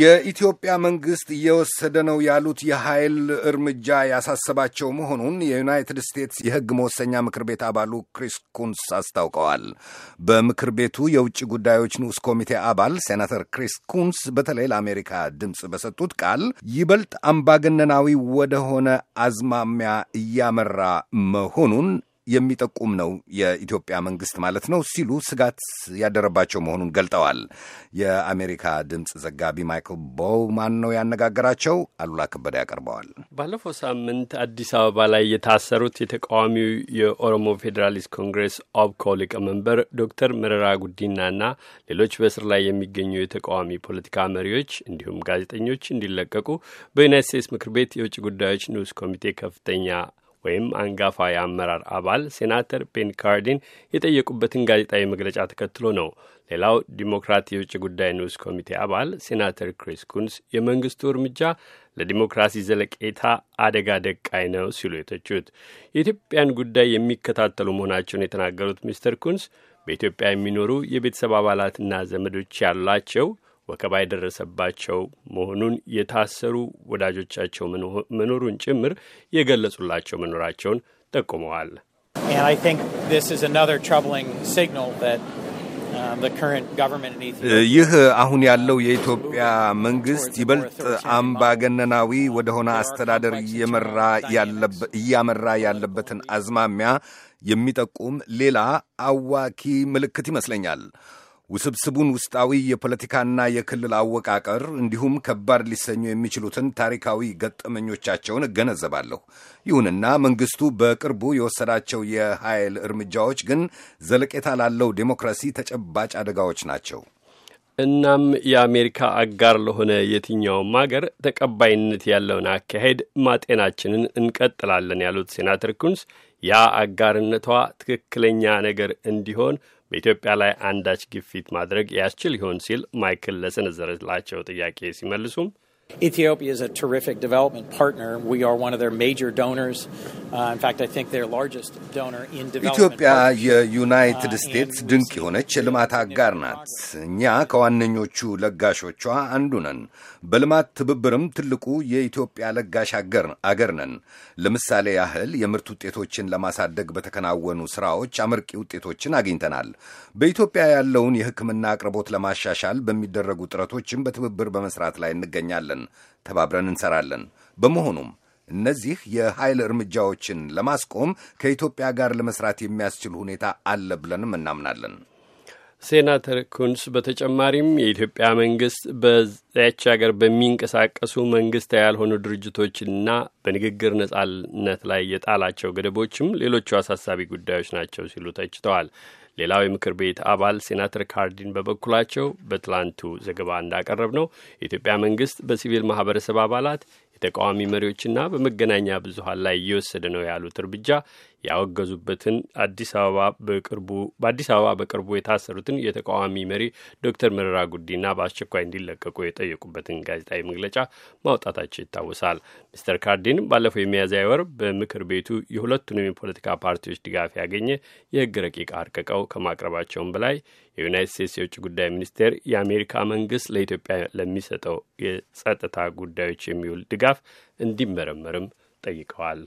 የኢትዮጵያ መንግሥት እየወሰደ ነው ያሉት የኃይል እርምጃ ያሳሰባቸው መሆኑን የዩናይትድ ስቴትስ የሕግ መወሰኛ ምክር ቤት አባሉ ክሪስ ኩንስ አስታውቀዋል። በምክር ቤቱ የውጭ ጉዳዮች ንዑስ ኮሚቴ አባል ሴናተር ክሪስ ኩንስ በተለይ ለአሜሪካ ድምፅ በሰጡት ቃል ይበልጥ አምባገነናዊ ወደሆነ አዝማሚያ እያመራ መሆኑን የሚጠቁም ነው የኢትዮጵያ መንግስት ማለት ነው ሲሉ ስጋት ያደረባቸው መሆኑን ገልጠዋል። የአሜሪካ ድምፅ ዘጋቢ ማይክል ቦውማን ነው ያነጋገራቸው። አሉላ ከበደ ያቀርበዋል። ባለፈው ሳምንት አዲስ አበባ ላይ የታሰሩት የተቃዋሚው የኦሮሞ ፌዴራሊስት ኮንግሬስ ኦብኮ ሊቀመንበር ዶክተር መረራ ጉዲናና ሌሎች በእስር ላይ የሚገኙ የተቃዋሚ ፖለቲካ መሪዎች እንዲሁም ጋዜጠኞች እንዲለቀቁ በዩናይት ስቴትስ ምክር ቤት የውጭ ጉዳዮች ንዑስ ኮሚቴ ከፍተኛ ወይም አንጋፋ የአመራር አባል ሴናተር ፔን ካርዲን የጠየቁበትን ጋዜጣዊ መግለጫ ተከትሎ ነው። ሌላው ዲሞክራት የውጭ ጉዳይ ንዑስ ኮሚቴ አባል ሴናተር ክሪስ ኩንስ የመንግስቱ እርምጃ ለዲሞክራሲ ዘለቄታ አደጋ ደቃይ ነው ሲሉ የተቹት የኢትዮጵያን ጉዳይ የሚከታተሉ መሆናቸውን የተናገሩት ሚስተር ኩንስ በኢትዮጵያ የሚኖሩ የቤተሰብ አባላትና ዘመዶች ያሏቸው ወከባ የደረሰባቸው መሆኑን የታሰሩ ወዳጆቻቸው መኖሩን ጭምር የገለጹላቸው መኖራቸውን ጠቁመዋል። um, uh, ይህ አሁን ያለው የኢትዮጵያ መንግስት ይበልጥ አምባገነናዊ ወደሆነ አስተዳደር እያመራ ያለበትን አዝማሚያ የሚጠቁም ሌላ አዋኪ ምልክት ይመስለኛል። ውስብስቡን ውስጣዊ የፖለቲካና የክልል አወቃቀር እንዲሁም ከባድ ሊሰኙ የሚችሉትን ታሪካዊ ገጠመኞቻቸውን እገነዘባለሁ። ይሁንና መንግስቱ በቅርቡ የወሰዳቸው የኃይል እርምጃዎች ግን ዘለቄታ ላለው ዴሞክራሲ ተጨባጭ አደጋዎች ናቸው። እናም የአሜሪካ አጋር ለሆነ የትኛውም አገር ተቀባይነት ያለውን አካሄድ ማጤናችንን እንቀጥላለን ያሉት ሴናተር ኩንስ ያ አጋርነቷ ትክክለኛ ነገር እንዲሆን በኢትዮጵያ ላይ አንዳች ግፊት ማድረግ ያስችል ይሆን ሲል ማይክል ለሰነዘረላቸው ጥያቄ ሲመልሱም Ethiopia is a terrific development partner. We are one of their major donors. Uh, in fact, I think their largest donor in development. ኢትዮጵያ የዩናይትድ ስቴትስ ድንቅ የሆነች የልማት አጋር ናት። እኛ ከዋነኞቹ ለጋሾቿ አንዱ ነን። በልማት ትብብርም ትልቁ የኢትዮጵያ ለጋሽ አገር ነን። ለምሳሌ ያህል የምርት ውጤቶችን ለማሳደግ በተከናወኑ ስራዎች አመርቂ ውጤቶችን አግኝተናል። በኢትዮጵያ ያለውን የሕክምና አቅርቦት ለማሻሻል በሚደረጉ ጥረቶችም በትብብር በመስራት ላይ እንገኛለን። እንሰራለን፣ ተባብረን እንሰራለን። በመሆኑም እነዚህ የኃይል እርምጃዎችን ለማስቆም ከኢትዮጵያ ጋር ለመስራት የሚያስችል ሁኔታ አለ ብለንም እናምናለን። ሴናተር ኩንስ በተጨማሪም የኢትዮጵያ መንግስት በዚያች ሀገር በሚንቀሳቀሱ መንግስት ያልሆኑ ድርጅቶችና በንግግር ነጻነት ላይ የጣላቸው ገደቦችም ሌሎቹ አሳሳቢ ጉዳዮች ናቸው ሲሉ ተችተዋል። ሌላው የምክር ቤት አባል ሴናተር ካርዲን በበኩላቸው በትላንቱ ዘገባ እንዳቀረብ ነው የኢትዮጵያ መንግስት በሲቪል ማህበረሰብ አባላት የተቃዋሚ መሪዎችና በመገናኛ ብዙሀን ላይ እየወሰደ ነው ያሉት እርምጃ ያወገዙበትን አዲስ አበባ በቅርቡ በአዲስ አበባ በቅርቡ የታሰሩትን የተቃዋሚ መሪ ዶክተር መረራ ጉዲና በአስቸኳይ እንዲለቀቁ የጠየቁበትን ጋዜጣዊ መግለጫ ማውጣታቸው ይታወሳል። ሚስተር ካርዲን ባለፈው የሚያዝያ ወር በምክር ቤቱ የሁለቱንም የፖለቲካ ፓርቲዎች ድጋፍ ያገኘ የህግ ረቂቅ አርቅቀው ከማቅረባቸውም በላይ የዩናይት ስቴትስ የውጭ ጉዳይ ሚኒስቴር የአሜሪካ መንግስት ለኢትዮጵያ ለሚሰጠው የጸጥታ ጉዳዮች የሚውል ድጋፍ እንዲመረመርም ጠይቀዋል።